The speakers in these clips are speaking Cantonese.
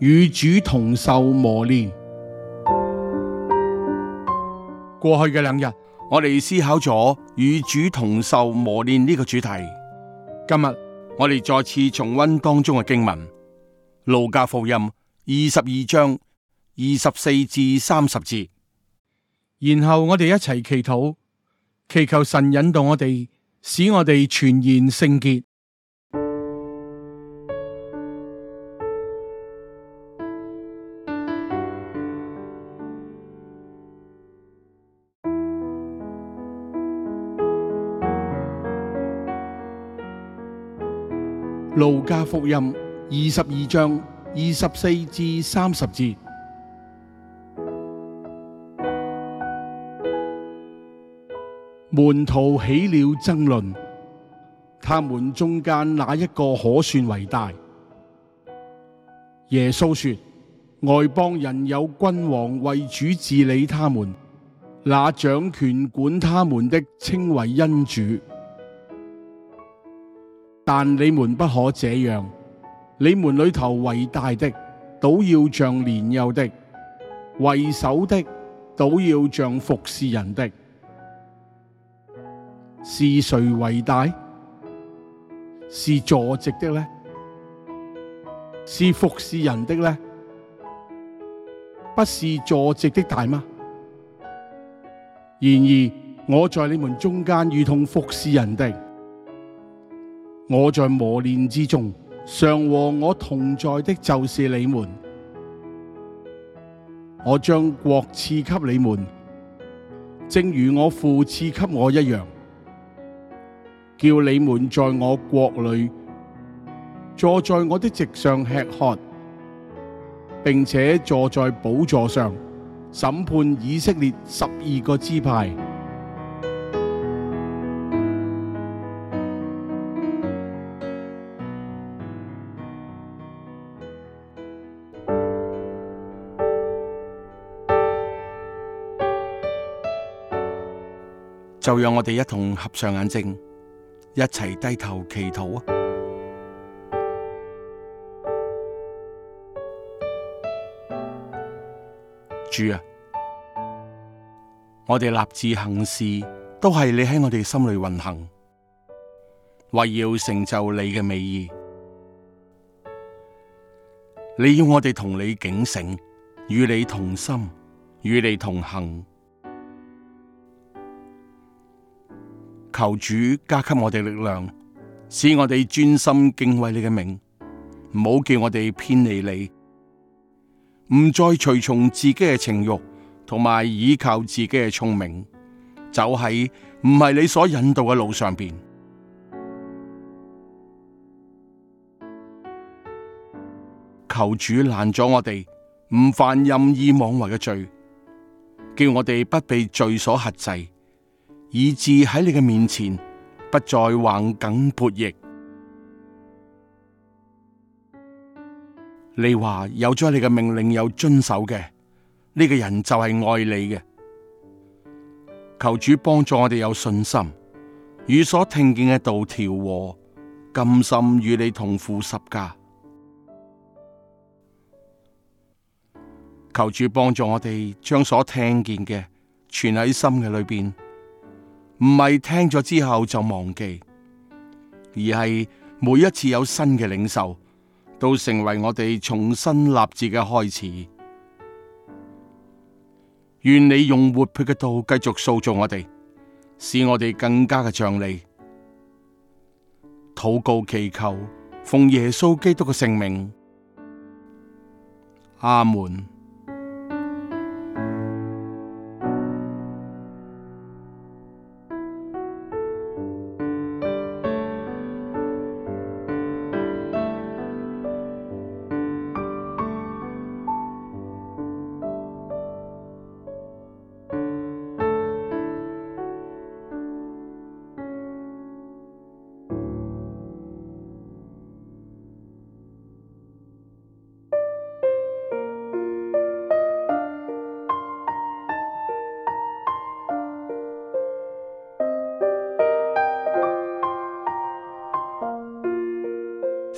與主同受磨練。過去嘅兩日，我哋思考咗與主同受磨練呢個主題。今日，我哋再次重溫當中嘅經文，《路加福音》二十二章二十四至三十節。然後我哋一齊祈禱，祈求神引導我哋，使我哋全然聖潔。路加福音二十二章二十四至三十節，門徒起了爭論，他們中間那一個可算為大？耶穌說：外邦人有君王為主治理他們，那掌權管他們的稱為恩主。但你們不可這樣，你們裏頭為大的，都要像年幼的；為首的，都要像服侍人的。是誰為大？是坐席的呢？是服侍人的呢？不是坐席的大嗎？然而我在你們中間，如同服侍人的。我在磨練之中，常和我同在的，就是你們。我將國賜給你們，正如我父賜給我一樣，叫你們在我國裏坐在我的席上吃喝，並且坐在寶座上審判以色列十二個支派。就讓我哋一同合上眼睛，一齊低頭祈禱啊！主啊，我哋立志行事，都係你喺我哋心裏運行，為要成就你嘅美意。你要我哋同你警醒，與你同心，與你同行。求主加給我哋力量，使我哋專心敬畏你嘅名，唔好叫我哋偏離你，唔再隨從自己嘅情欲，同埋倚靠自己嘅聰明，走喺唔係你所引導嘅路上邊。求主攔阻我哋唔犯任意妄為嘅罪，叫我哋不被罪所轄制。以致喺你嘅面前不再橫梗悖逆。你話有咗你嘅命令有遵守嘅呢、這個人就係愛你嘅。求主幫助我哋有信心，與所聽見嘅道調和，甘心與你同負十架。求主幫助我哋將所聽見嘅存喺心嘅裏邊。唔係聽咗之後就忘記，而係每一次有新嘅領受，都成為我哋重新立志嘅開始。願你用活潑嘅道繼續塑造我哋，使我哋更加嘅像你。禱告祈求，奉耶穌基督嘅聖名，阿門。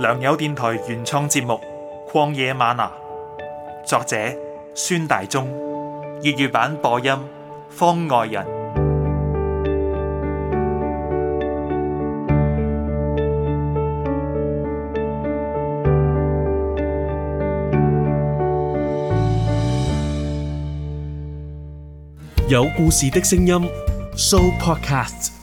良友電台原創節目《曠野嗎哪》，作者孫大中，粵語版播音方外人，有故事的聲音，Show Podcast。